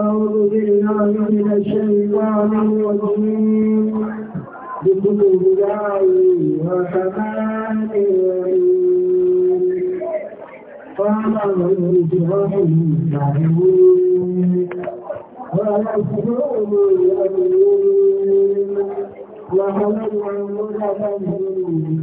أعوذ بالله من الشيطان الرجيم بسم الله الرحمن الرحيم قال من برحمته ورسوله الأمين وهو المنتهى من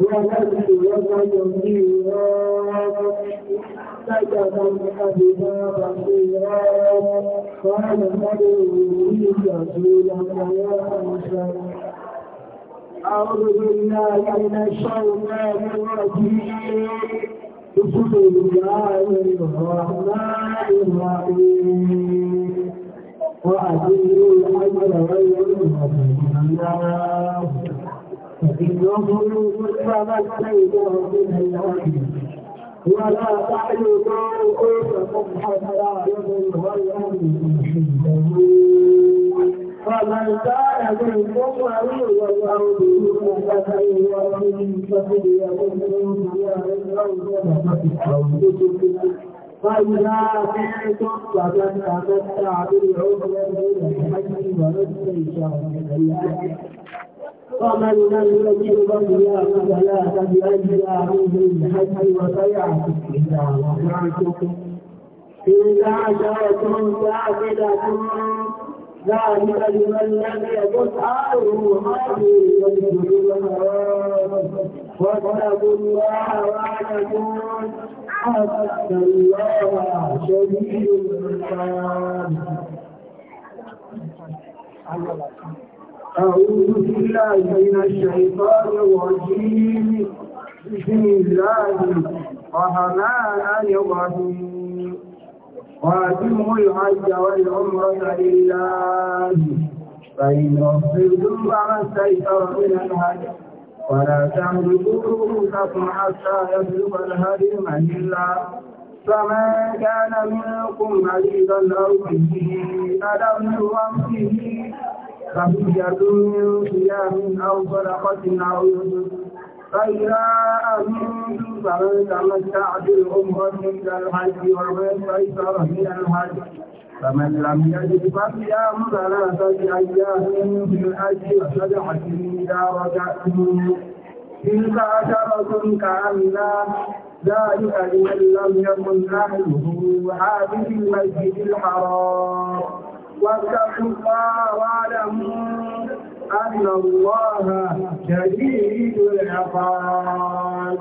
وذلك يوم الميراث كتبا أبدا بصيرا قال ادعوا لي رسولك يا أنسان أعوذ بالله من الشيطان الرجيم بسم الله الرحمن الرحيم وأدعوا الأمر غير المسلم ولا تعيدوا قوتكم حتى يبلغ الامر محله فمن كان منكم مريضا او به اذى ففدية من صيام فإذا كنتم فمن تمتع بالعمرة إلى الحج ومن استيسر من الأجر ومن لم يجد يا فلا تبعد عنه الحي وسيعتك إذا وقعتك إذا عشرة كافلة ذلك لمن لم يكن حاله خير واتقوا الله واعلمون أن الله شديد العقاب أعوذ بالله من الشيطان الرجيم بسم الله الرحمن الرحيم وأتموا الحج والعمرة لله فإن أفضلتم فما استيسر من الهدي ولا تملكوا رؤوسكم حتى يبلغ الهدي من الله فمن كان منكم مريضا أو به ألم يغمسه ففدية من صيام أو صدقة أو نسك فإذا أمنتم فمن تمتع بالعمرة إلى الحج ومن قيصر من الحج فمن لم يجد فصيام ثلاثة أيام في الحج وصدقة إذا رجعتم تلك عشرة كأنها ذلك لمن لم يكن أهله حافظ المسجد الحرام واتقوا الله واعلموا أن الله شديد العقاب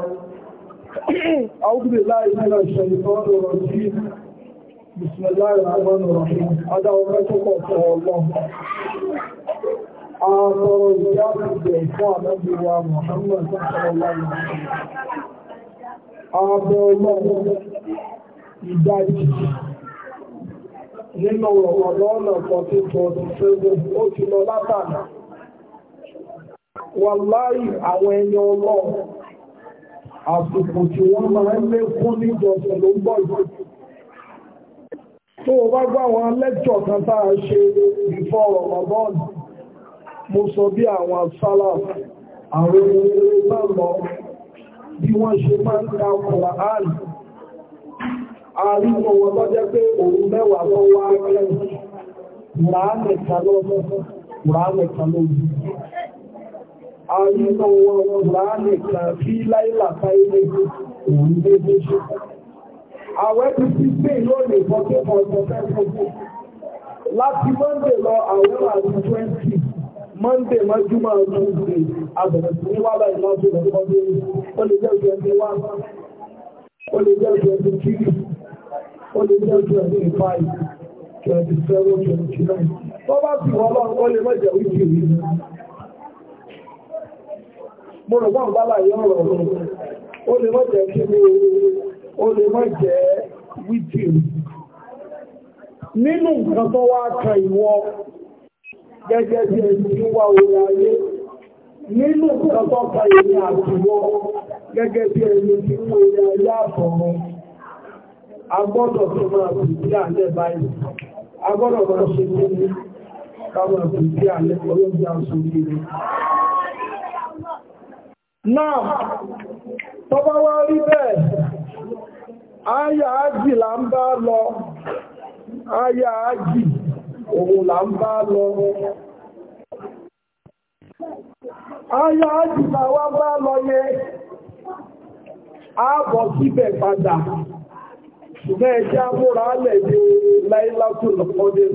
أعوذ بالله من الشيطان الرجيم بسم الله الرحمن الرحيم هذا هو كتب الله آخر الجاب بإخوان أبي محمد صلى الله عليه وسلم آخر الله إداري nínú ọ̀lọ́ọ̀nà 1447 ó ti lọ látàná wàláì àwọn ẹni ọlọ́ àsìkò tí wọ́n máa ń lé fún níjọsìn ló ń bọ̀ yìí tó o bá gbá àwọn lẹ́kṣọ̀ kan tá a ṣe bífọ́ Ramadan mo sọ bí àwọn salaf àwọn ohun eré bá lọ bí wọ́n ṣe máa ń ka Kùránì àríkọ̀ wọn tó jẹ́ pé òun mẹ́wàá tó wá rẹ̀ kùránẹ̀ta lọ́wọ́ kùránẹ̀ta lójú àríkọ̀ wọn kùránẹ̀ta kí láìlàta ilé òun méjì ṣe àwẹ́ ti fi pé lónìí fọ́tẹ́ ọ̀tọ̀ fẹ́ láti mọ́ndé lọ àwọn àti 20 mọ́ndé mọ́júmọ́ ọdún ìgbè àbẹ̀rẹ̀ sí ní wábà ìlọ́dún ọdún ọdún ó lè jẹ́ 21 ó lè jẹ́ 22 ó lè jẹ́ twenty five twenty seven twenty nine tó bá sì wọ́n lọ́n ó lè mọ̀jẹ̀ wíìkì rí i. mo rò wọ́n bá láyé ọ̀rọ̀ ó lè kí ó lè rí nínú nǹkan tó wá kan ìwọ gẹ́gẹ́ bí ẹni tí wá orí ayé nínú nǹkan tó kan ìwọ gẹ́gẹ́ bí ẹni tí orí ayé agbọ́dọ̀ tó máa bù sí àlẹ́ báyìí agbọ́dọ̀ máa ṣe ní ní káwọn bù sí àlẹ́ ọlọ́gbà náà wá rí bẹ́ẹ̀ ájì là ń bá lọ ayà ájì òun là ń bá lọ ayà ájì là bá lọ yẹ ààbọ̀ síbẹ̀ padà ṣùgbọ́n ẹjẹ́ amúra ala ní láìlátò lọ́pọ́dé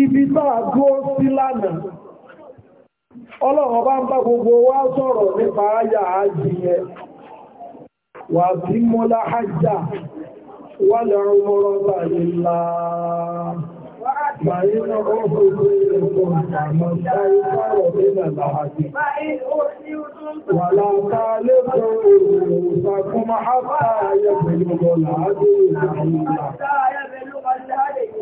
ibi taa dúó sí lánàá bá ń bá wa sọrọ nípa ayà ajìyẹ wà sí mọ́lá ajá wà lẹ́rùn mọ́rọ́ bàyìí فإن أوفوا كيلكم فمن استيسر من الهدي ولا تالقوا رؤوسكم حتى يبلغ الهدي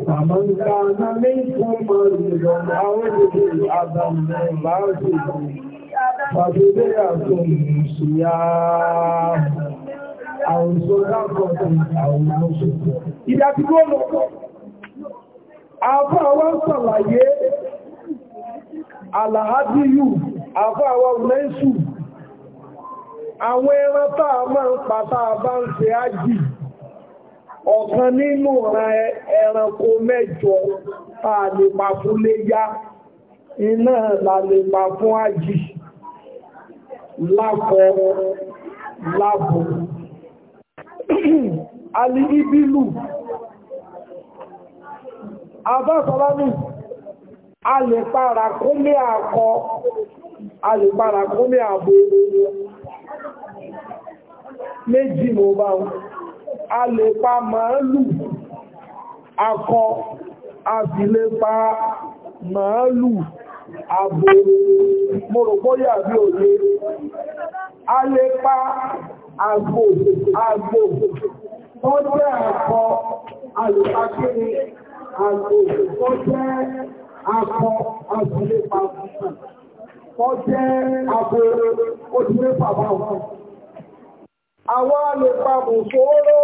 فمن كان منكم مريضا أو به أذى من رأسه فبدية صيام أو صدقة أو نصف. إذا تقولوا àfáàwọ́ sàlàyé àlàájíyù àfáàwọ́ mẹ́sù àwọn ẹran máa ń pàtà bá ń ṣe ájì ọ̀kan nínú ẹranko mẹ́jọ táà lè pa fún léyá iná là lè pa fún ájì lápọ̀ lápọ̀ àbáṣọ́lámì a lè para kó lé àkọ a lè para kó lé àbò méjì mo bá wọn a lè pa màálù akọ a sì lè pa màálù àbò mọ́rọ̀gbọ́yà bí òye a lè pa àgbò àgbò tó jẹ́ àkọ a kí ni àgbò tó jẹ́ akọ àgbòlépa tó jẹ́ àgbò òdìlépa báwọn. Àwọn àlèpa mùsòóró,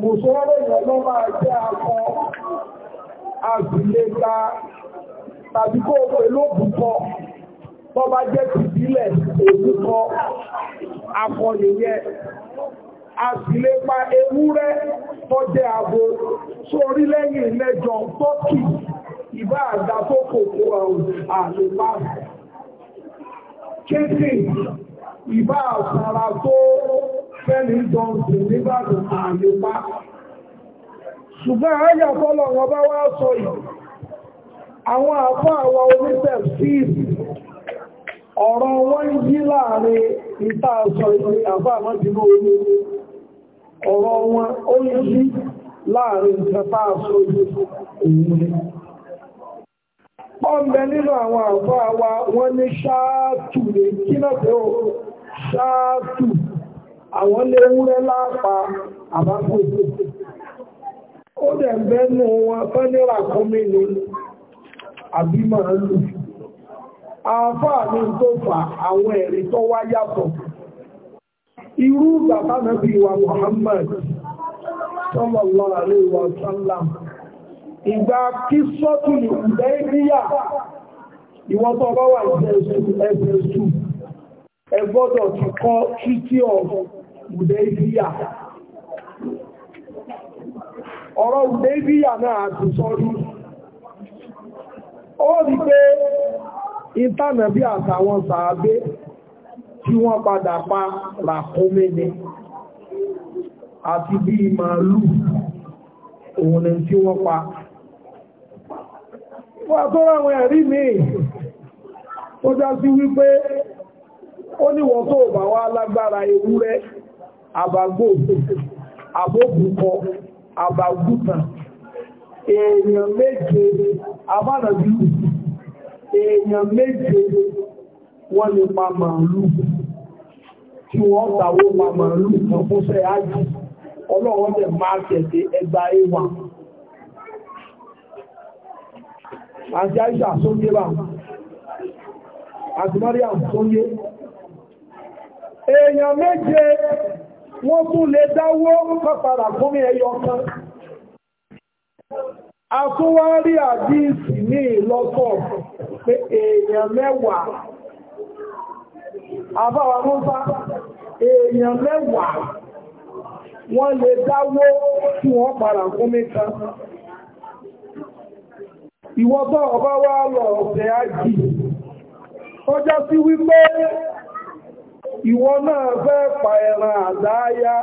mùsòóró yẹn ló máa jẹ́ akọ àgbòlépa tàbí kó pẹ̀lú òbúkọ tó bá jẹ́ tìbílẹ̀ òbúkọ akọ nìyẹn a sì lè pa ewúrẹ́ tó jẹ́ abo sórí lẹ́yìn lẹ́jọ tọ́kì ìbá àdá tó kòkó àlèpá kéèkì ìbá àsàrà tó fẹ́ni dọ̀nsì nígbàdùn àlèpá ṣùgbọ́n àyà fọ́lọ̀ wọn bá wá sọ yìí àwọn àfọ́ àwọn onítẹ̀fíìsì ọ̀rọ̀ wọ́n yí láàrin ìta àṣọ ìrìn àfọ́ àmọ́dínú olóòrùn ọ̀rọ̀ wọn ó yí láàrin ìjọba àṣòjú òun ni ọmọbẹ nínú àwọn àfọ́ àwa wọ́n ní ṣáàtù lè kí náà pé ó ṣáàtù àwọn lè wúrẹ́ láàpá àbákò ó dẹ̀ bẹ́nu wọn fẹ́ nírà kúnmí ni àbí màálù àfọ́ àmì tó fà àwọn ẹ̀rí tó wá yàtọ̀ irú bàbá nàbí wa Muhammad sallallahu alaihi wa sallam ìgbà kí sọ́tù ìgbẹ́ ìrìyà ìwọ́n tó bá wà ẹ̀sẹ̀sù ẹgbọ́dọ̀ ti kọ́ treaty of Udaibiya ọ̀rọ̀ Udaibiya náà ti sọ́rí tí wọ́n padà pa ràkúnmẹ́ni àti bí màálù òun ni tí wọ́n pa wà tó ráwọn ẹ̀rí mi tó já sí wípé ó níwọ̀n tó bá wá lágbára ewúrẹ́ àbàgbò àbókùkọ àbàgùtàn èèyàn méje abánàbí èèyàn méje wọ́n lè pa màálù tí wọ́n tàwó pa màálù kan fún sẹ́ ájì ọlọ́wọ́n tẹ̀ máa kẹ̀kẹ́ ẹgbà ẹwà àti àìṣà sóyé bá àti mariam sóyé èèyàn méje wọ́n tún lè dáwó pàpàrà fún mi ẹyọ kan a tún wá rí àdíìsì ní ìlọ́tọ̀ pé èèyàn mẹ́wàá àbáwà bá èèyàn mẹ́wàá wọ́n lè dáwó tí wọ́n padà fún mẹ́ta ìwọ́tọ̀ ọba wá lọ ọ̀fẹ́ ájì ó já sí wípé ìwọ náà fẹ́ pa ẹran àdáyá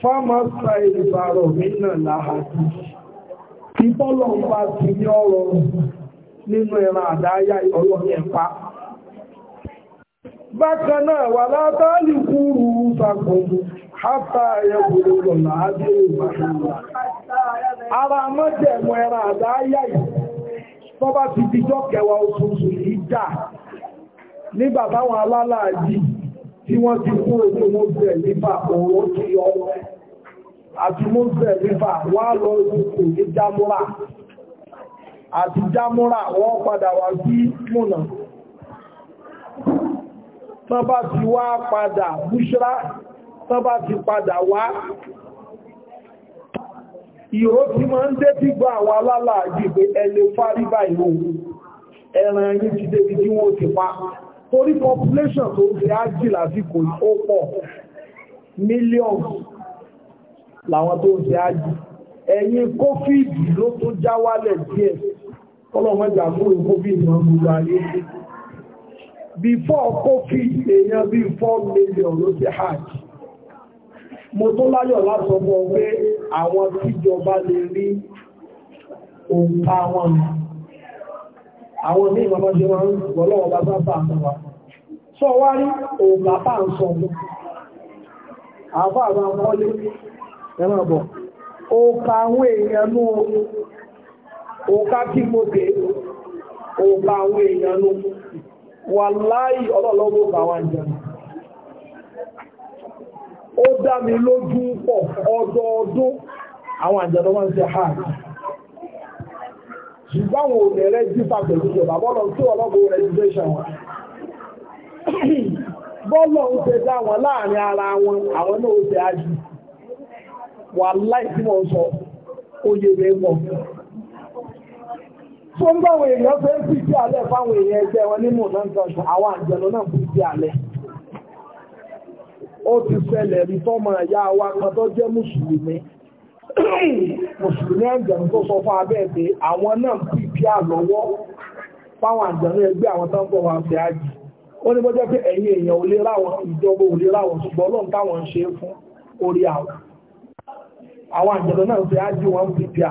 fámọ́sà ìbàrọ̀ nínà láhàtí ìbọ́lọ̀ ń bá ti ní ọrọ̀ nínú ẹran àdáyá ọlọ́rin ẹ̀pá bákan náà wà látàlì kúrú sàkóso hátà ẹgbùrú lọ́nà ábí ìgbàlúwà ara mọ́jẹ̀mú ẹran àdáyà yìí tó bá ti dijọ́ kẹwàá oṣooṣù yìí jà nígbà táwọn alálàájì tí wọ́n ti kú ojú mọ́sẹ̀ nípa òun ti yọ àti mọ́sẹ̀ nípa wà lọ ìkò ní jámúrà àti jámúrà wọ́n padà wá sí múnà tán bá ti wá padà búṣrá tán bá ti padà wá ìró tí máa ń dé tí gbọ́ àwọn alálàájì pé ẹlẹ fáríbà ìlú ẹran yìí ti débi tí wọ́n ti pa torí population tó fi ájì lásìkò ó pọ̀ millions làwọn tó fi ájì ẹ̀yìn kófíìdì ló tó já wálẹ̀ díẹ̀ ọlọ́mọdé àmúrò kófíìdì náà gbogbo ayé before kófí èèyàn bí 4 million ló ti hajj mo tó láyọ̀ lásọ fún pé àwọn tíjọba lè rí òǹkà wọn àwọn ní ìmọ̀ ọmọdé wọn lọ́wọ́ bá sáfà àtàwà sọ wá rí òǹkà ń sọ mú àwọn wà láì ọlọ́lọ́wọ́ bá ó dá mi lójú pọ̀ ọdọọdún àwọn àjẹ́dọ́ wọ́n ṣe ha ṣùgbọ́n òní rẹ̀ jífà pẹ̀lú ìjọba bọ́lọ̀ tí ọlọ́gbọ̀ registration wọn bọ́lọ̀ ń dá láàrin ara wọn àwọn náà ó wà tó ń báwọn èèyàn fẹ́ sí sí alẹ́ fáwọn èèyàn ẹgbẹ́ wọn nínú nọ́ńtọ́ṣù àwọn àjẹ̀lọ náà kú sí alẹ́ ó ti ṣẹlẹ̀ rí tọ́mọ ìyá wa kan tó jẹ́ mùsùlùmí mùsùlùmí àjẹ̀lọ tó sọ fún abẹ́ pé àwọn náà kú ìpí àlọ́wọ́ fáwọn àjẹ̀lọ ẹgbẹ́ àwọn tó ń bọ̀ wọn fẹ́ àjì ó ní bọ́jọ́ pé ẹ̀yin èèyàn ò lè ráwọn ìjọba ò lè ráwọn ṣùgbọ́n lóun táwọn ń ṣe fún orí àwọn àwọn àjẹ̀lọ náà fẹ́ àjì wọn pípíà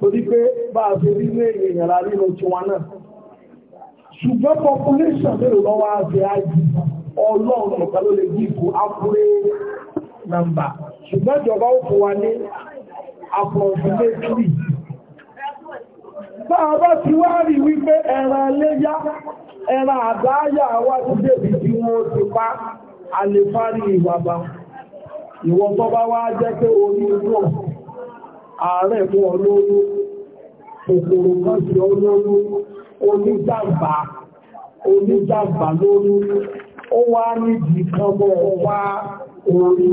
torí pé bá a ṣe rí lé èèyàn la nínú tiwọn náà ṣùgbọ́n population mélòó lọ́wọ́ àti àjù ọlọ́run nìkan ló lè gbé ìkó ápúrẹ́ nàmbà ṣùgbọ́n ìjọba ó fún wa ní approximately bá a bá ti wá rí wípé ẹran léyá ẹran àdáyà wá ti débi tí wọ́n ti pa àlefárí ìwàbà ìwọ̀n tó bá wá jẹ́ pé orí náà ààrẹ mú ọlọ́rún kòkòrò kan sí ọlọ́rún oníjàmbá oníjàmbá lórí ó wá nídìí kan mọ́ wá orí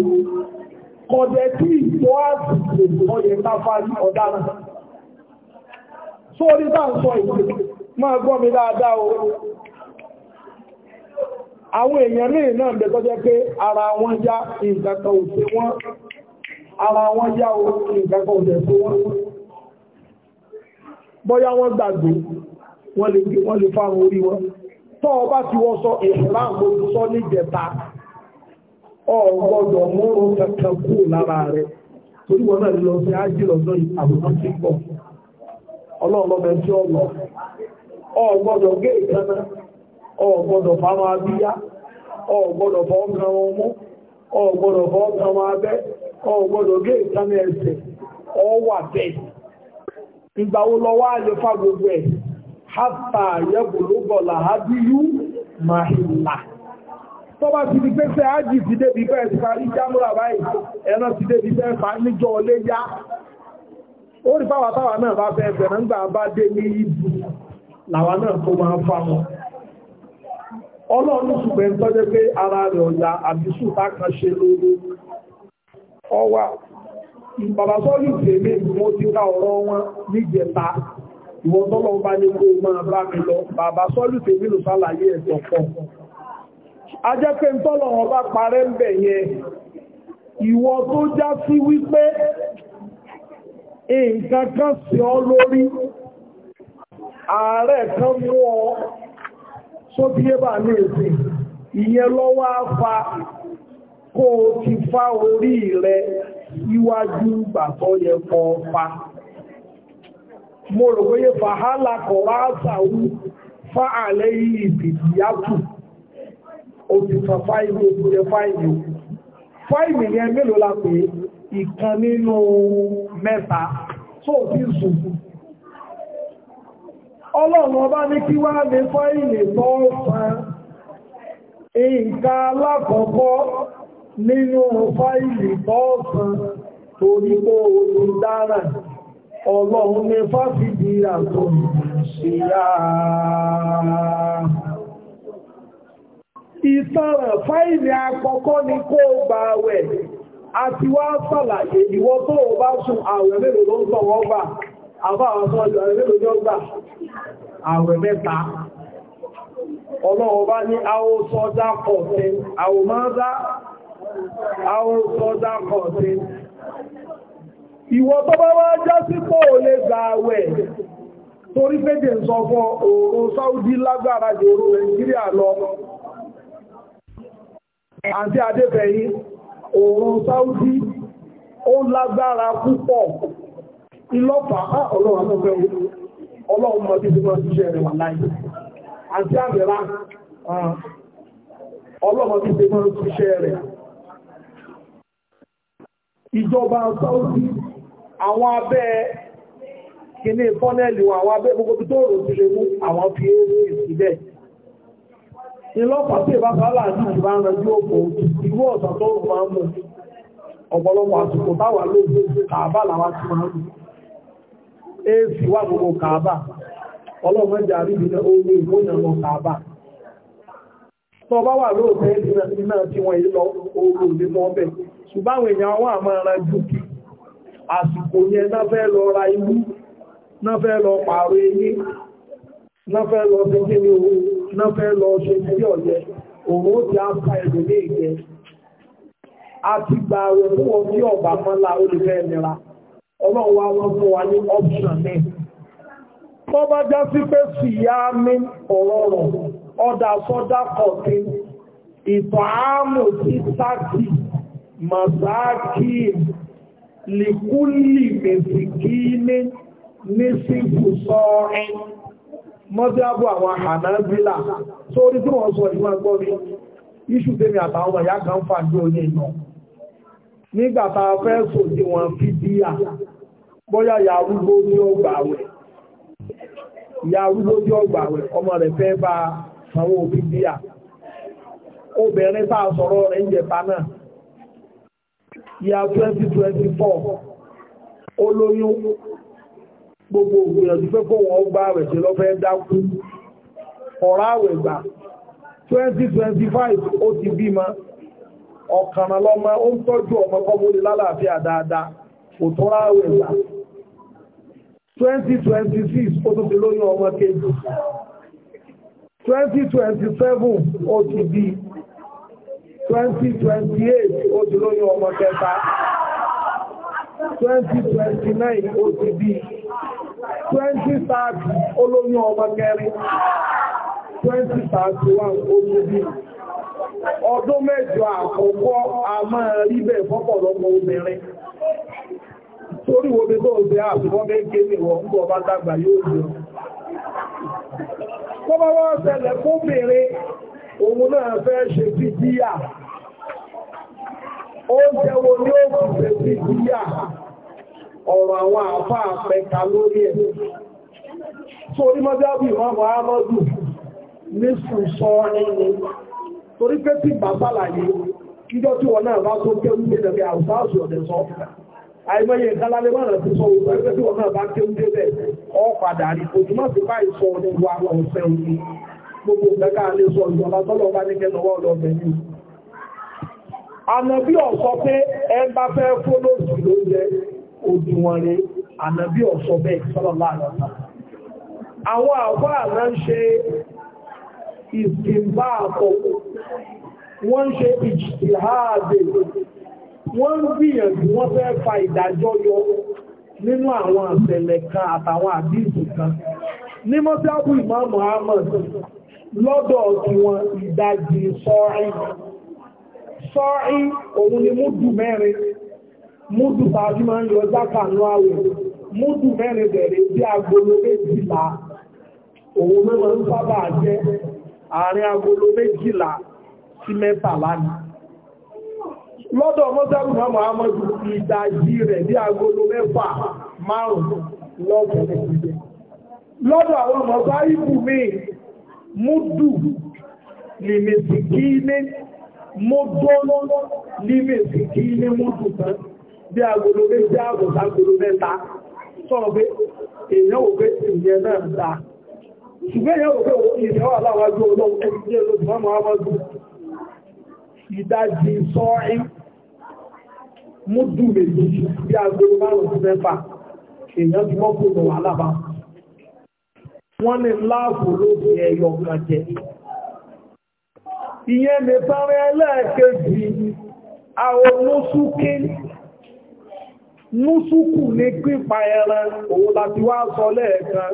kọjẹ tí ìtọ́ àsìkò ọyẹ káfà ní ọ̀daràn sórí bá ń sọ ìpè máa gbọ́ mi dáadáa o àwọn èèyàn ní ìnáà bẹ̀tọ́jẹ́ pé ara wọn já ìgbàkan òṣè wọn ara wọn yá o ìgbàgbọ́ ọ̀dẹ̀ tó wọ́n bọ́yá wọ́n gbàgbé wọ́n lè fáwọn orí wọn tọ́ ọba tí wọ́n sọ ìhìlám sọ ní ìjẹta ọgbọ́dọ̀ mọ́rún kankan kú lára rẹ̀ torí náà lọ sí ájí ọgbọ́dọ̀ wọn mú ọgbọ́dọ̀ wọn abẹ́ ọgbọ́dọ̀ gé ìtànà ẹsẹ̀ ọwà bẹ́ẹ̀ ìgbàwó lọ́wọ́ àlefa gbogbo ẹ̀ hátà yẹ́gbòlógbọ̀lá hábíyú màhìlá tó bá ti di pé ṣe ájì ti débi bẹ́ẹ̀ ti parí jámúra báyìí ẹ̀nà ti débi bẹ́ẹ̀ fa níjọ́ olé yá ó rí ní ọlọ́run ṣùgbẹ́ ń tọ́jẹ́ pé ara rẹ̀ ọ̀yà àbísù tá kan ṣe ọwà bàbá sọ́lù tèmi mo ti ká ọ̀rọ̀ wọn níjẹta ìwọ̀n tọ́lọ̀ bá ní kó máa bá mi lọ bàbá sọ́lù tèmi ló sálàyé ẹ̀tọ̀ pọ̀ a jẹ́ pé ń tọ́lọ̀ wọn bá parẹ́ ń bẹ̀ yẹn ìwọ tó já sí wípé nǹkan kan sí ọ lórí ààrẹ kan mú ọ sóbíyébà ní ìsìn ìyẹn lọ́wọ́ á fa kó o ti fá orí rẹ iwájú bàtọ́ yẹ kọ́ pa mo rò wáyé fàhálà kọ̀rọ̀ àṣàwú fá àlẹ́ yìí ìbìdìyàtù o ti fa fáìlì o ti fáìlì o fáìlì yẹn mélòó la ìkan nínú mẹ́ta tó fi ṣùgbù ọlọ́run ọba ní kí wá ní fáìlì tó san nǹkan alákọ̀ọ́kọ́ nínú fáìlì bọ́ọ̀sán torí pé oòrùn dára ọlọ́run ní fáfìdí àtò ìyá ìtàràn fáìlì àkọ́kọ́ ni kó gba àwẹ̀ àti wá sàlàyé ìwọ tó o bá sùn àwẹ̀ mélòó ló ń tọ̀ wọ́n gbà àbá àwọn àwọn sọ́dá kọ̀ọ̀tí ìwọ tó wá já sí pọ̀ ò lè torí péjì ń sọ fún oòrùn Saudi lágbára jòrò Nàìjíríà lọ àti adébẹ̀yí oòrùn Saudi ó lágbára púpọ̀ ìlọ́pàá ọlọ́run àtọ́fẹ́ ọlọ́run títí rẹ̀ wà ìjọba Saudi àwọn abẹ́ kìíní fọ́nẹ́lì àwọn abẹ́ gbogbo tó rò sí lè mú àwọn fi èrè ìsìlẹ̀ ìlọ́pàá tí ìbá fàálà ní ìbá rẹjú òkò ìwú ọ̀sà tó rò máa mú ọ̀pọ̀lọpọ̀ àsìkò táwà lóògbé kàábà làwá ti máa mú èsì wà gbogbo kàábà ọlọ́mọ tí wọ́n yí lọ orí òlé ṣùgbọ́n àwọn èèyàn wọ́n àmọ́ ara jù kí àsìkò yẹn náà fẹ́ lọ ra ìlú náà lọ pààrọ̀ ilé náà lọ sí kí ni lọ ṣe sí òun ó ti á pa ẹ̀dọ̀ ní ìgbẹ́ àti gba àwẹ̀ fún wọn tí Mazaki likuli mesikini nisifu sọ́rin mọ́sílábù àwọn hanabila sórí tí wọ́n sọ ìwọ̀n gbọ́ mi iṣu tèmi àtàwọn ọmọ ìyá kan fà ní oyè náà nígbàtà fẹ́ sòdí wọn fi díyà bóyá ìyá arúgbó ní ọgbà rẹ̀ ìyá arúgbó ní ọgbà rẹ̀ ọmọ rẹ̀ fẹ́ bá sanwó fi díyà obìnrin tá sọ̀rọ̀ rẹ̀ ń jẹta náà year 2024 olóyún gbogbo ògbìyànjú pé kó wọ́n gbá rẹ̀ ṣe lọ́fẹ́ dákú ọ̀rá àwẹ̀gbà 2025 ó ti bímọ ọ̀kànràn lọ́mọ ó ń tọ́jú ọmọ kọ́mọ́lé lálàáfíà dáadáa kò tọ́rá àwẹ̀gbà 2026 ó tún ti lóyún ọmọ kejì 2027 ó ti bíi 2028 ó ti ọmọ kẹta 2029 ó ti 2030 ó lóyún ọmọ kẹrin 2031 ó ti bí ọdún mẹ́jọ àkọ́kọ́ a máa rí bẹ̀ fọ́pọ̀lọpọ̀ obìnrin torí wo bí tó ṣe àbúkọ́ méje ní ń bọ̀ bá dàgbà yóò òun náà fẹ́ ṣe wo ni ó ti ṣe fídíà ọ̀rọ̀ àwọn àfá àpẹta lórí ẹ̀ torí mọ́jábì mọ́mọ́ ámọ́dù ní sùsọ ẹni torí pé tí bàbá láyé kíjọ tí wọ́n náà bá tó kéwú dé lẹ́gbẹ̀ẹ́ mọ́nà sọ òun bá padà rí ọdún gbogbo ìgbẹ́ká lè sọ ìjọba tọ́lọ̀ bá ní kẹ́lọ́wọ́ ọ̀dọ̀bẹ̀ ní ànàbí ọ̀sọ́ pé ẹ bá fẹ́ fólóòsì ló jẹ́ òdìwọ̀n rẹ̀ ànàbí ọ̀sọ́ bẹ́ẹ̀ sọ́lọ̀ láàrọ̀ta àwọn àwọ́ àná ń ṣe ìsìnbá àpọ̀ wọ́n ń ṣe ìjìhàdè wọ́n ń àwọn àṣẹlẹ̀ kan àtàwọn ìmọ̀ Muhammad lọ́dọ̀ tiwọn ìdajì sọ́ọ̀rí sọ́ọ̀rí òun ni múdù mẹ́rin múdù tàbí máa ń yọ jákàánú àwẹ̀ múdù mẹ́rin bẹ̀rẹ̀ bí agolo méjìlá òun mẹ́mọ̀ ń sábà jẹ́ àárín agolo méjìlá sí mẹ́tàlá ni lọ́dọ̀ mọ́sẹ́lù mọ́mọ́ amọ́jú ìdajì rẹ̀ bí agolo mẹ́fà márùn-ún lọ́dọ̀ àwọn ọmọ bá ibù míì múdù lèmèsìkílé mọ́dọ́lọ́ lèmèsìkílé múdù tán bí agolo lé sí àgùntà agolo mẹ́ta sọ̀rọ̀ pé èèyàn ò pé ìyẹn náà dá ṣùgbẹ́ èèyàn ò pé ìyẹn wà láwájú ọlọ́run ẹgbẹ́ ló ti máa wá jù ìdájì sọ́rin múdù méjì bí agolo márùn-ún mẹ́fà èèyàn ti wọ́n ní láàbù ló fi ẹyọ kan jẹ ìyẹn lè sáré ẹlẹ́ẹ̀kejì àwọn lóṣùkí núsùkù ní pípa ẹran òun láti wá sọ lẹ́ẹ̀kan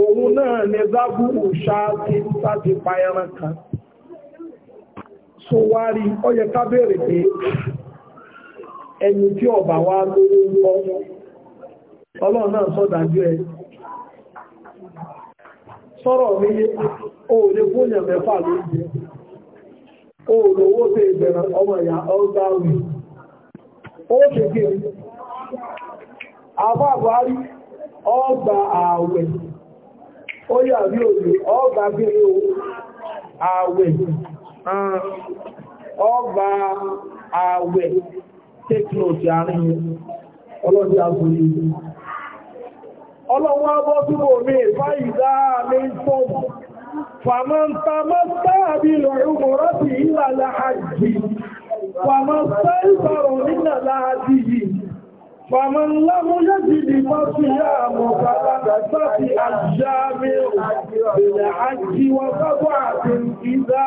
òun náà ni zábùrù ṣáàtì láti pa ẹran kan so wá rí ọyẹ ká bèèrè pé ẹni tí ọba wá lórí ọlọ́run náà sọ́dájú ẹ̀ sọ́rọ̀ mi yé o fún yàn mẹ́fà o lówó tẹ ìbẹ̀rẹ̀ ọmọ ìyá ọgbà wì ó ṣe kí àbá àbárí ọgbà ààwẹ̀ ó yà bí òye ọgbà gẹ́rẹ́ o ààwẹ̀ ọgbà ààwẹ̀ ọlọ́wọ́ abọ́ tí mo mi ìfá ìdá mi tọ́bù fàmọ́ntàmọ́ntà àbí lọ́rùn mọ́rọ́tì ìlàlá àjì fàmọ́ntà ìbàrọ̀ nílàlá àjì yìí فمن لم يجد فصيام ثلاثة أيام بالحج وسبعة إذا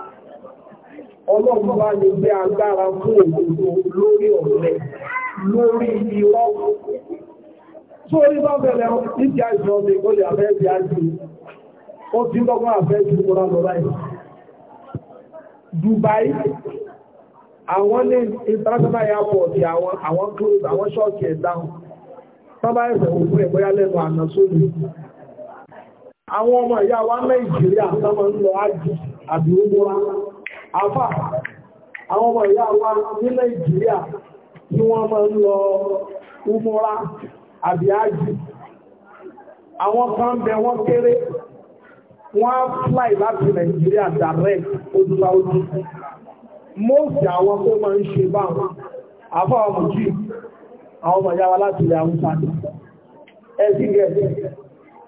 ọlọ́run bá lè gbé agbára fún òkúto lórí ọ̀rẹ́ lórí irọ́ tó orí bá bẹ̀rẹ̀ níbi àìsàn ọ̀sẹ̀ kó lè afẹ́ ti àti ó ti lọ́gbọ́n Dubai àwọn ní international airport àwọn close àwọn ṣọ́ọ̀kì sábà ẹ̀sẹ̀ ọmọ ìyá wa Nàìjíríà sábà ń lọ àfà àwọn ọmọ ìyá wa ní Nàìjíríà tí wọ́n máa ń lọ umura àbí ájì àwọn kan bẹ wọ́n kéré wọ́n á fly láti Nàìjíríà direct ojúlá ojú mọ́ọ̀sì àwọn tó máa ń ṣe báwọn àfà ọmọ jù àwọn ọmọ ìyá wa láti ilẹ̀ àwọn sáà ẹ̀sìn gẹ̀ẹ́sì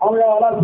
ọmọ ìyá wa láti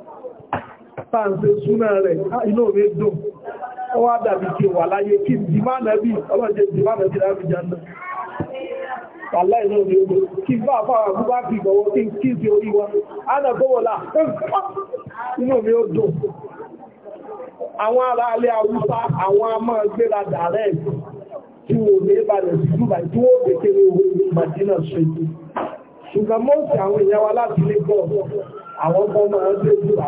tàǹsẹ súnà rẹ̀ inú mi dùn ó wá dàbí kí wà láyé kí dìmánàbí ọlọ́jẹ́ dìmánàbí láàbí jàndà wàlá inú mi dùn kí bá fáwọn àbúgbà kì gbọ́wọ́ kí kí sí orí wa ánàgbọ́wọ́lá inú mi ó dùn àwọn ará alẹ́ awúsá àwọn amọ́ gbéra dàrẹ́ tí wò ní ìbàlẹ̀ sí tí wò bèkèrè owó Madina Street ṣùgbọ́n mọ́sí àwọn ìyẹn wa lè gọ́ àwọn ọmọ ọmọ ọdún ìjùbà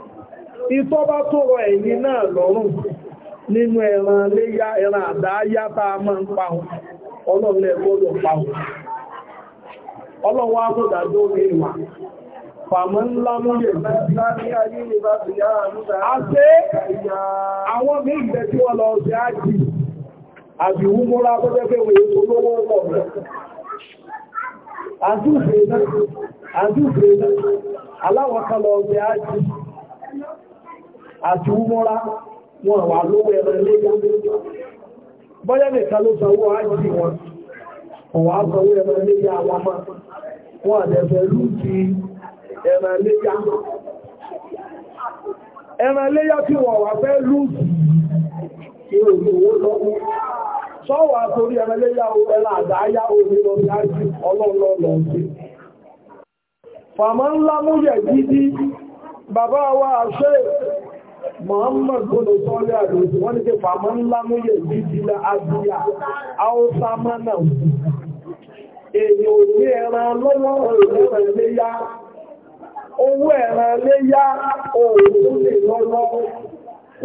ìtọ́ bá tó rọ ẹ̀yìn náà lọ́rùn nínú ẹran léyá ẹran àdáyá tá a máa ń pàun ọlọ́lẹ̀ gbọ́dọ̀ pàun ọlọ́wọ́ àbúdàjọ́ orí ìwà fàmọ́ ńlá múlẹ̀ àṣẹ àwọn àjúfèé náà aláwọ̀ kan lọ sí ájì àti umọ́ra wọn wà lówó ẹran léyá bọ́yá nìkan ló sanwó ájì wọn ọ̀wà sanwó ẹran léyá wọn máa wọn àdẹ̀fẹ̀ lú ti ẹran léyá ẹran léyá tí wọ́n wà fẹ́ lú sí ìròyìnwó lọ́wọ́ sọ́wọ́ àtorí ẹran léyá ẹran àdáyá omi lọ sí ájì fàmọ́ ńlá múyẹ̀ gidi bàbá wa àṣẹ́ Muhammad bọ́lọ̀ sọ́lẹ̀ àdòsí wọ́n ní pé fàmọ́ ńlá múlẹ̀ jíjílá àbíyà áúsámánà èèyàn ní ẹran lọ́wọ́ ẹran léyá owó ẹran léyá òòrùn lè lọ́wọ́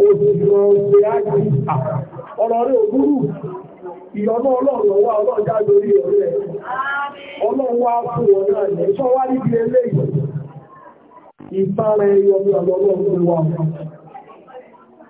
òṣìṣẹ́ ọ̀sẹ̀ ájì ọ̀rọ̀ rẹ̀ òbúrú ìyọ̀nà ọlọ́run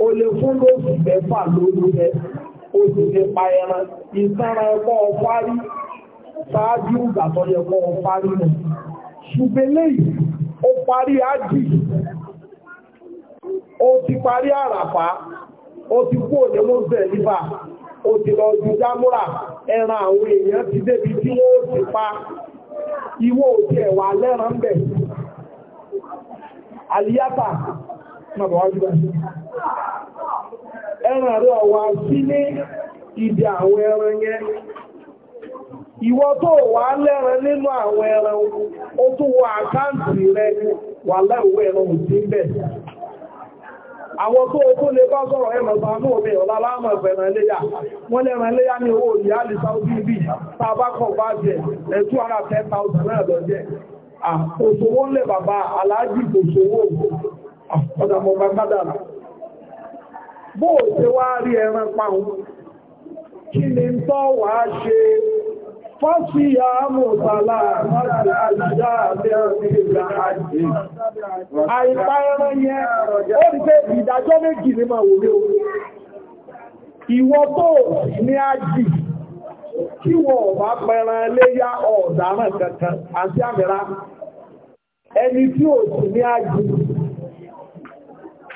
o lè fún lóṣù mẹ́fà lóúnjẹ o sì lè pa ẹran ìsanra ẹ̀kọ́ ọ̀fárí ṣáájú ìgbà tó yẹ kọ́ ọ̀fárí nù parí ájì o ti parí àràfá o ti kú òní mọ́sẹ̀ ti lọ jámúrà ẹran àwọn èèyàn ti débi tí wọ́n ó ti pa ẹran rẹ̀ ọ̀wà sí ní ìdí àwọn ẹran yẹn ìwọ tó wà lẹ́ran nínú àwọn ẹran ó tún wọ àkáǹtì rẹ̀ wà láìwọ ẹran òtí ń bẹ̀ àwọn tó tó lè bá sọ̀rọ̀ ẹmọ̀ta náà mẹ́ ọ̀lá láàmà ẹ̀fẹ̀rẹ̀ léyà wọ́n lẹ́ran léyà ọ̀dàmọ̀bà kádàrà bóò ṣe wá rí ẹran pàun kí ni tọ́ wà á ṣe fọ́síyà mọ̀sàlá láti àjíjá àti àjíjá àjí àìpa ẹran yẹn ó rí pé ìdájọ́ méjì ní máa wòlé o ìwọ tó ní àjí kí wọ́n kankan ẹni tí ò sí ní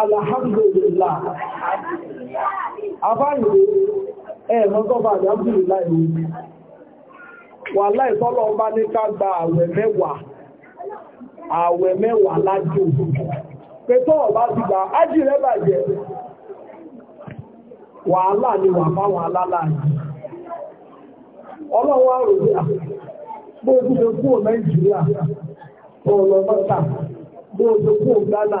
alhamdulillah abáyìí ẹ̀mọ́ tó bá alhamdulillah ìwé wà láìsọ́lọ́ bá ní ká gba àwẹ̀ mẹ́wàá àwẹ̀ mẹ́wàá lájú pẹ̀tọ́ ọ̀bá ti gbà ájì rẹ̀ bàjẹ́ wàhálà ni wà fáwọn alálàáyì ọlọ́wọ́ àròyà Nàìjíríà ọ̀rọ̀ mọ́ta Ghana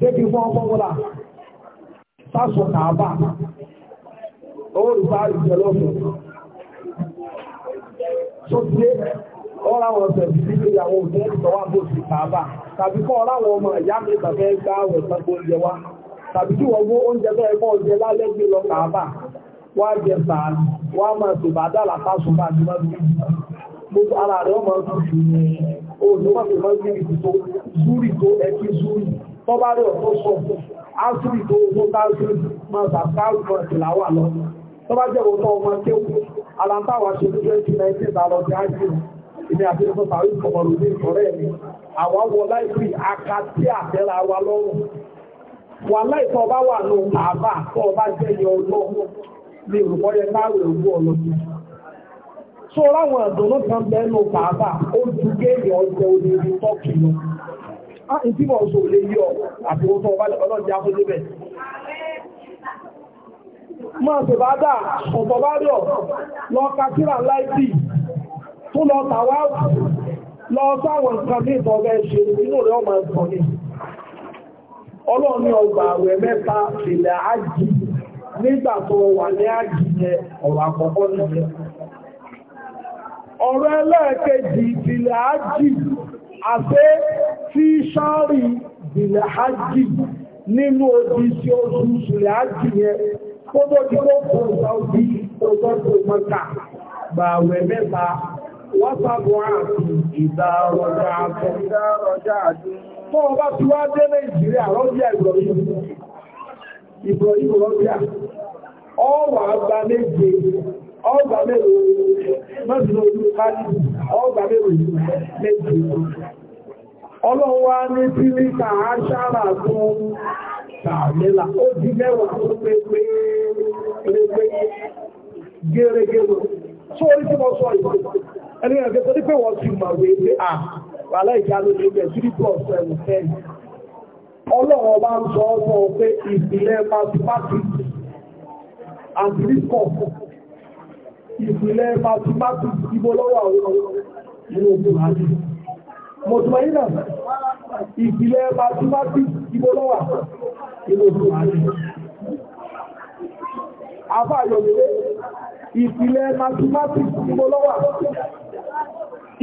dịka ife ọbụla sasụ na aba orúkọ àrùjẹlọ́fù tó dé ọ́láwọn ọ̀sẹ̀ sí ìyàwó òjẹ́ ìtọ́wà bó sì kàábà tàbí kọ́ ọ́láwọn ọmọ ìyá mi tàbí ẹgbẹ́ àwẹ̀ sọ́gbọ́ oúnjẹ wa tàbí oúnjẹ bẹ́ẹ̀ mọ́ oúnjẹ lálẹ́ gbé lọ jẹ máa ara ọmọ ọdún ní tó bá rí ọ̀tọ́ sọ áṣírí tó owó táṣírí máa sàkáàrù kan sì láwà lọ tó bá jẹ́ òótọ́ ọmọ kéwù aláǹtàwà ṣe ní 2019 bá lọ sí áṣírí ilé àfihàn sàrí kọmọrù ní ìkọ̀rẹ́ mi àwọn wọ láìpì akatí àtẹ́ra wa lọ́rùn wà láìpọ̀ bá wà ní àbá tó ọba jẹ́ yọ ọlọ́run ní olùkọ́yẹ káàrò ìlú ọlọ́run so láwọn àdùnnú kan bẹ́ẹ̀ nù bàbá ó ju géèyàn ọjọ́ òdìrí tọ́kì lọ ìdímọ̀ ah, oṣù lè yọ àfihàn tó ọlọ́jà fún níbẹ̀ máa tẹ̀ bá dà ọ̀tọ̀ bá rí ọ̀ lọ kàkírà láìsí tó lọ tàwà lọ sáwọn nǹkan ní ìtọ̀ọ̀gẹ́ ṣe inú rẹ̀ ọmọ ẹ̀kọ́ ní ọlọ́ọ̀ni ọgbà àwẹ̀ mẹ́ta ìlẹ̀ ájì nígbà tó wà ní ájì yẹ ọ̀rọ̀ àkọ́kọ́ nìyẹn ọ̀rọ̀ ẹlẹ́ẹ̀kejì ìlẹ̀ ájì àṣẹ fi ṣáàrì ìbìlẹ̀ hajji nínú òbí sí oṣù ìṣìlẹ̀ hajji yẹn kó tó ti kó fún saudi ọgọ́tò mọ́ta gbààwẹ̀ mẹ́ta wọ́sàbọ̀ àti ìdárọjà àtọ́ tó ọba tí wá dé nàìjíríà rọ́bíà ìbọ̀yìn rọ́bíà ọwà àgbà méje ọgbà mẹ́rin mẹ́rin ọgbà mẹ́rin méje ọlọ́wà ní tí ní kàáṣára tó tààlélà ó di mẹ́wàá tó pépé gẹ́rẹ́gẹ́rẹ́ tó orí tí wọ́n sọ ìwọ̀n ẹni ẹ̀gẹ́ tó ní pé wọ́n ti mọ̀ wé pé à wàlá ìjà ló lè 3 plus 7 ọlọ́wọ́ bá ń sọ mọ̀túnmáyínà ìpìlẹ̀ mathematics ìbọ́lọ́wà ìlòsùnmáyí afá yọ̀lẹ́lẹ́ ìpìlẹ̀ mathematics ìbọ́lọ́wà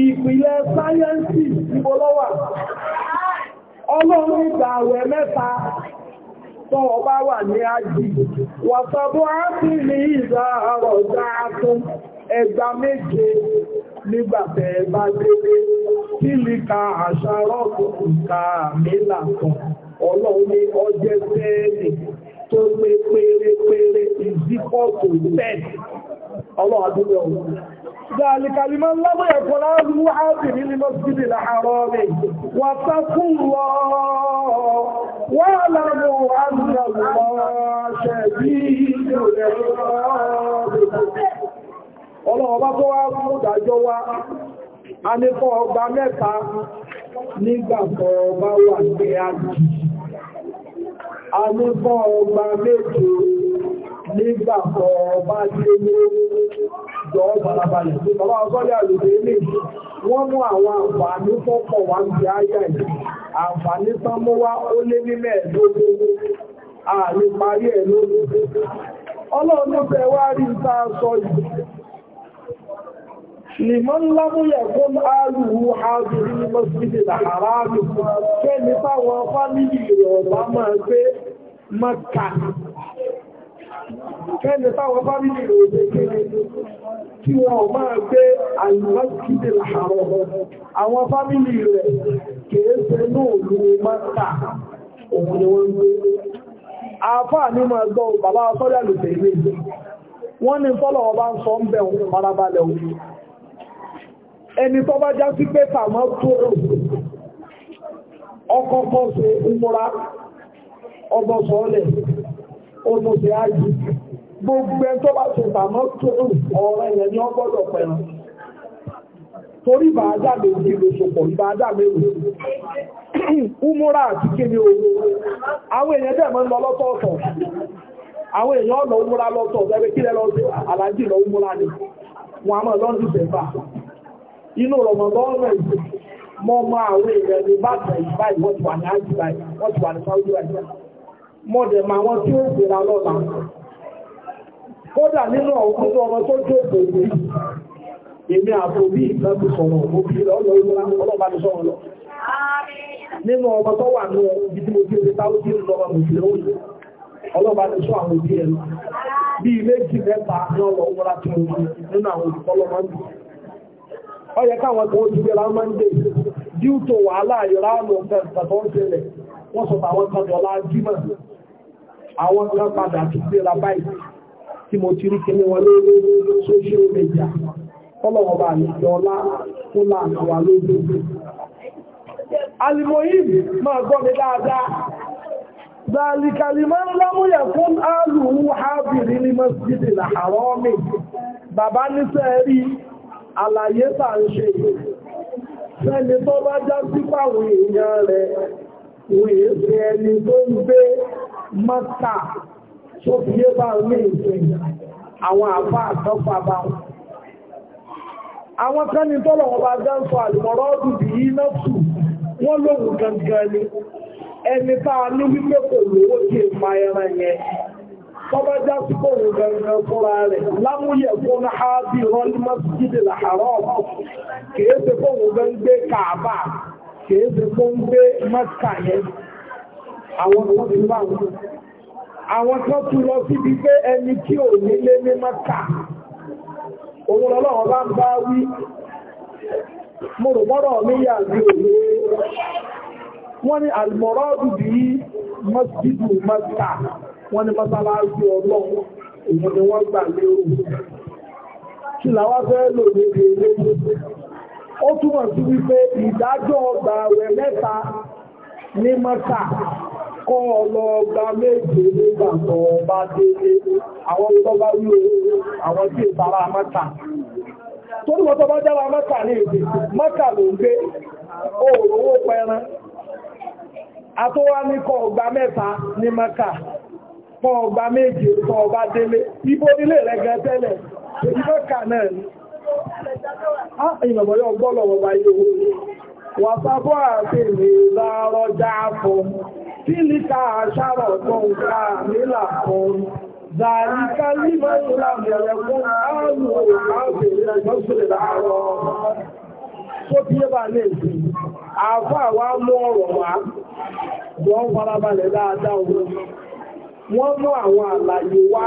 ìpìlẹ̀ sáyẹ́ǹsì ìbọ́lọ́wà ọlọ́run ìgbà àwẹ̀ mẹ́ta tó ọba wà ní ájì wàsàbọ́ ápì ní ìgbà àrọ̀dá àtún ẹgbà méje nígbàtẹ̀ bá Tílíkà àṣàrọ́kù ìka mélà kan, ọlọ́run ọjẹ́ tẹ́ẹ̀lì tó pé pérépéré ìzípọ̀tò tẹ́ẹ̀lì. Ọlọ́run adúgbò ọ̀hún. ذلك لمن لم يكن Ọlọ́run bá tó wá ìdájọ́ wá a ní kọ́ mẹ́ta nígbàtọ̀ wà ní àjì a ní kọ́ ọba méje nígbàtọ̀ ọba jọ balabalẹ̀ bàbá ọgọ́lẹ̀ àlùdé lè wọ́n mú àwọn àǹfààní pọ́pọ̀ yìí àǹfààní tán mú wá ó lèmọ́n lámúyẹ̀ fún àrùwú àjòrí mọ́sílẹ̀ àráàlù kẹ́ni táwọn fámílì ọ̀bá máa gbé mọ́kà kẹ́ni táwọn fámílì ọ̀bá kéré tí wọ́n máa gbé àlùmọ́sílẹ̀ àrọ̀bọ̀ àwọn fámílì rẹ̀ kèése náà ló mọ́kà òun ni wọ́n gbé àfáà ọba ń sọ ń bẹ̀ òun parabalẹ̀ òun ẹni tó bá já sí pé tàmọ́ tó rò ọkọ̀ pọ̀ sí ìmúra ọgbọ̀ sọ́ọ̀lẹ̀ oṣooṣe ájì gbogbo ẹ tó bá ṣe tàmọ́ tó rò ọ̀rọ̀ ẹ̀yẹ ní ọgbọ́dọ̀ pẹ̀rọ torí bàá jáde òjì lóṣòpọ̀ ìbàá jáde òjì umura àti kéde owó àwọn èèyàn dẹ̀ mọ́ ń lọ lọ́tọ̀ọ̀tọ̀ àwọn èèyàn lọ umura lọ́tọ̀ọ̀tọ̀ ẹgbẹ́ kílẹ̀ lọ́tọ̀ alájì lọ umura ni wọn a máa lọ́ndì sẹ́fà inú rọmọdọ́ọ̀nà ìgbè mọ́ mọ́ àwọn èèyàn ní bàtà ìbáyìí wọ́n ti wà ní ájúbáyìí wọ́n ti wà ní sáwọ́dí báyìí mọ́ dẹ̀ máa wọ́n tí ó gbéra lọ́la kódà nínú ọkùn tó ọmọ tó jó gbogbo ní sọ̀rọ̀ tí ó yẹ káwọn kan ó dúdé láwọn monday due to wàhálà àyọ̀rá àmì ọ̀fẹ́ ìtàtọ́ ṣẹlẹ̀ wọ́n sọ àwọn kan dọ̀lá jímọ̀ àwọn kan padà ti gbé ra báyìí tí mo ti rí kíní wọn lórí social media ọlọ́wọ́ bá mi dọ̀lá fún láàrín wa lórí alimoyim máa gbọ́ mi dáadáa Zàlìkàlìmọ́ lámúyẹ̀ fún àlùú hábìrì ní masjidil harami. Bàbá ní sẹ́ẹ̀rí àlàyé tà ń ṣe fẹ́ni tó bá já sí pàwọn èèyàn rẹ̀ wèé fi ẹni tó ń gbé mọ́ta tó fi yé bá ní ìsìn àwọn àfá àtọ́fà bá wọn àwọn kẹ́ni tọ́lọ̀ wọn bá já ń sọ àlùmọ̀rọ̀ ọdún bí i náà tù wọ́n lóhun gangan ni ẹni tá a ní wípé kò lówó kí n pa ẹran yẹn Tọ́bá já sí kòrò gẹ̀rẹ̀ fúnra rẹ̀ lámúyẹ̀ fún hábí rọ́límọ́ sí jíde làárọ̀ kìí ṣe fóòwò bẹ́ ń gbé kààbà kìí ṣe fóòwò gbé mọ́ta yẹn àwọn ọmọ ti bá wọn. Àwọn tó tún lọ síbi pé ẹni tí ò nílé ní mọ́ta òun lọ́wọ́ bá ń bá wí mo mi yà ní òye wọ́n ní àlùmọ̀rọ̀ dùbí mọ́sídù mọ́ta wọ́n ní mọ́sálásí ọlọ́run èyí ni wọ́n gbà fẹ́ lò ó sí wípé ìdájọ́ ọgbà rẹ̀ mẹ́ta ní mọ́ta kọ́ méje nígbà bá délé àwọn tó bá wí àwọn tí ìsara mọ́ta tó wọ́n mọ́ta ní èdè mọ́ta ló ń gbé òòrùn owó pẹran àtọ́wá ní kọ́ ọgbà mẹ́ta ní mọ́ta pọ̀ ọba méje pọ̀ ọba délé ibo nílé rẹ̀ gan tẹ́lẹ̀ ìbọn kà náà ni ìyànbọ̀ yóò gbọ́ lọ́wọ́ bá yóò wà sábọ́ àti ìrìnlá rọjá fún kí líka àṣàrọ̀ tó ń ká nílà fún Zàríká límọ̀ ìlànà ẹ̀kún ààrùn àbẹ̀rẹ̀ lọ́sùlẹ̀ láàárọ̀. Tó bí ẹbà lè sí, àfáà wá mú ọ̀rọ̀ wá, wọ́n farabalẹ̀ dáadáa wọ́n mú àwọn àlàyé wá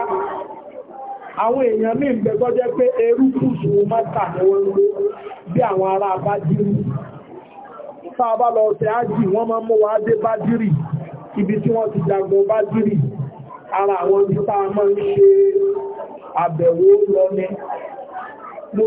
àwọn èèyàn ní ìgbẹ́gbọ́ jẹ́ pé erúkùsù mọ́ta ni wọ́n ló bí àwọn ará bájírì sáàbá lọ ọ̀tẹ̀ ájì wọ́n máa mú wá dé bájírì ibi tí wọ́n ti jagun bájírì ara àwọn títà máa ń ṣe àbẹ̀wò lọ ní mo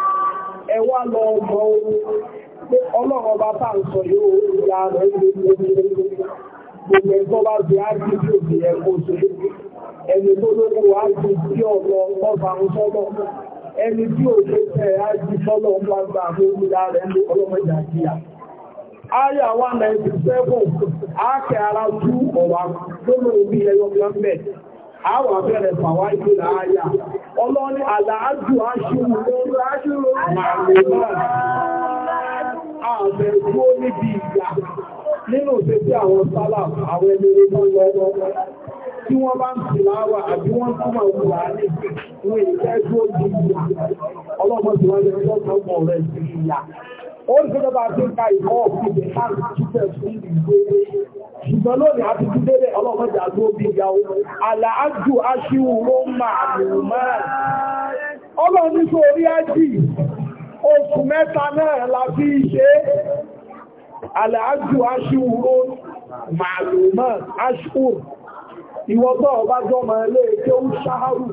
ẹwà lọ mọ́ ọlọ́rọ̀ bá bá ń sọ yóò ya rẹ̀ gbogbo ẹ̀tọ́ bá bí á ti tí òbí ẹ̀kọ́ sí ẹni tó lókù á ti tí ọ̀lọ́ ọba ń sọ́lọ̀ ẹni tí á sọ́lọ̀ rẹ̀ ní ọlọ́ni àlàájù aṣírù lórí aṣírù màlúmọ́ àbẹ̀gbó níbi ìgbà nínú ìfẹ́sí àwọn sálà àwọn ẹlẹ́rẹ́ tó lọ́wọ́ tí wọ́n bá ń sì láwà àbí wọ́n tó máa wù ní ìwé ìfẹ́ tó di ìyà oríṣiríṣi bá ti ń ka ìkọ́ ìdè hàn jíjẹ fún ìgbé ṣùgbọ́n lónìí a ti tún débẹ̀ ọlọ́mọdé àgbó bí ìyàwó àlàájú aṣíwò ló máa lùmọ́ ọlọ́run tó orí ájì oṣù mẹ́ta náà la fi ṣe àlàájú aṣíwò ló máa lùmọ́ aṣíwò ìwọ́gbọ́ ọbájọ́ máa lé ẹjọ́ ń ṣáhárù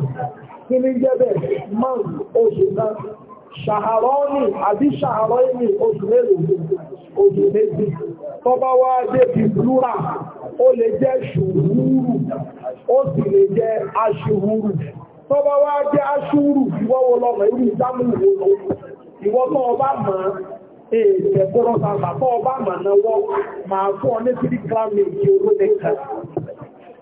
kí ní jẹ́bẹ̀ mọ́ oṣù náà ṣàhàrọ́ọ̀nì àbí ṣàhàrọ́ọ̀nì oṣù mélòó oṣù méjì tó wá dé bí flúra ó lè jẹ́ ṣùhúrù ó sì lè jẹ́ aṣùhúrù tó wá jẹ́ aṣùhúrù ìwọ́wọ́ lọ́mọ irú ìdámùlù wo ọba ma ọba ma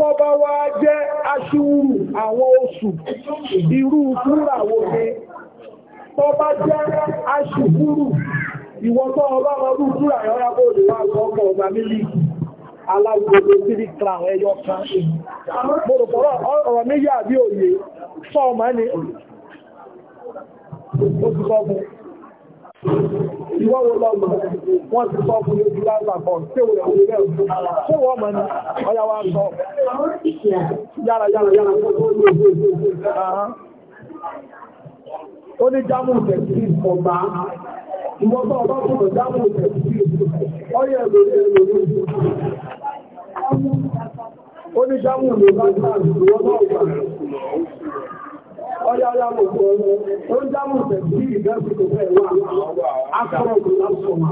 tọ́bá wá jẹ́ aṣíwúrù àwọn oṣù irú fúnra wo ni tọ́bá jẹ́ aṣíwúrù ìwọ̀n tó ọba ọdún fúnra ẹ̀họ́ra bó lè wá ọkọ̀ ọba mílíkì alágbogbo sírí kra ẹyọ kan mọ̀rọ̀pọ̀rọ̀ ọ̀rọ̀ méjì àbí òye sọ́ọ̀mọ́ ni ó ti Ìwọ́wọ́ lọ́gbọ̀ wọ́n ti sọ fún ojú lágbàkọ̀ tí ó yẹ̀wò rẹ̀ ṣe wọ́n mọ̀ ní ọya wa sọ yára yára yára ó ní jámù tẹ̀sí ọ̀gbá ìwọ́tọ̀ ọba fún jámù tẹ̀sí ọyẹ̀ lórí lórí dáyàwó ọ̀rọ̀ ó ń dámù tẹ̀sí ìgbẹ́sì tó fẹ́ wà ápọ̀rọ̀ tó lásọ̀ wà.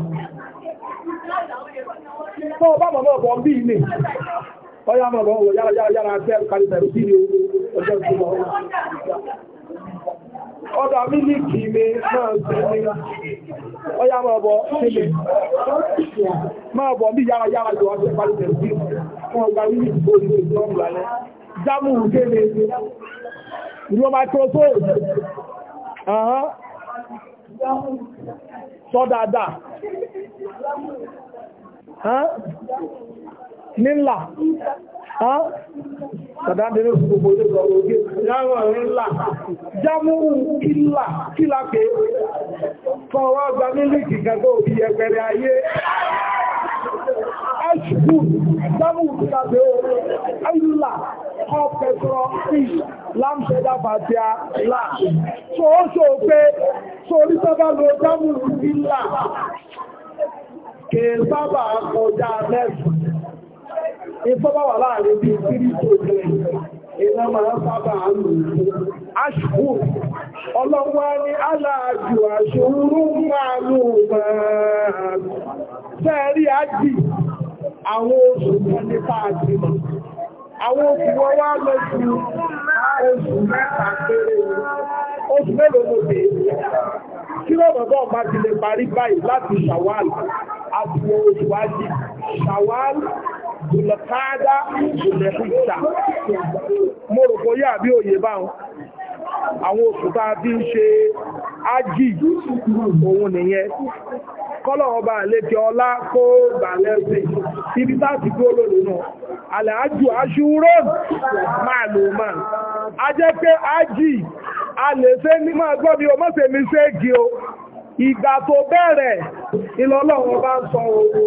Tó bá mọ̀ náà bọ̀ bí ilé, ọya mọ̀ bọ̀ yára yára yára tẹ́ kalibẹ̀rù sí ni ọjọ́ ìtumọ̀ ọdọ̀ mílìkì mi máa ń tẹ́ ìlú microphone ahán sọ dáadáa nílà Tàdádẹ́rẹ́ gbogbo ilé ọ̀rọ̀ orí ìyáwọ̀ ńlá, jámúrù ìlà kílà pé fọwọ́ gba mílìkì gẹ́gọ́ òbí ẹgbẹ̀rẹ̀ ayé. Ẹṣùkú, jámúrù kílà pé ìlà ọ̀pẹ̀sọ̀rọ̀ fish lámṣẹ́dá bàtíà láà. Tó ó ṣò pé sórí sábà lo jámúrù ìlà kèé sábà kọjá mẹ́sàn-án ìfọ́bọ̀wà láàrin bí spiritual blend iná máa sábà ń lò aṣùkú ọlọ́wọ́ ní aláàjù àṣòrú máàlù fẹ́ẹ̀rí ájì àwọn oṣù nípa àjìmọ̀ àwọn oṣù wọ́n wá lọ sí oṣù mẹ́ta péré oṣù mélòó ló dé kí lọ́bọ̀bọ̀ bá ti lè parí báyìí láti ṣàwálì àti oṣù ájì ṣàwálì jùlọ̀káádá jùlọ̀kíta mo rò kó yà bí òye báhùn àwọn oṣù tá a bí ń ṣe ájì òun nìyẹn kọ́lọ̀ ọba àlejò ọlá kó gbà lẹ́sìn ibi táàtì kí ó lòlò náà alẹ́ ájù aṣúrò máa lò mi ṣe gí o ìgbà tó bẹ̀rẹ̀ ìlọ́lọ́wọ́ bá ń sọ ohun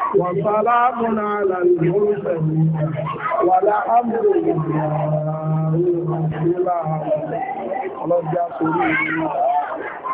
وسلام على المرسلين ولا أمر الله الله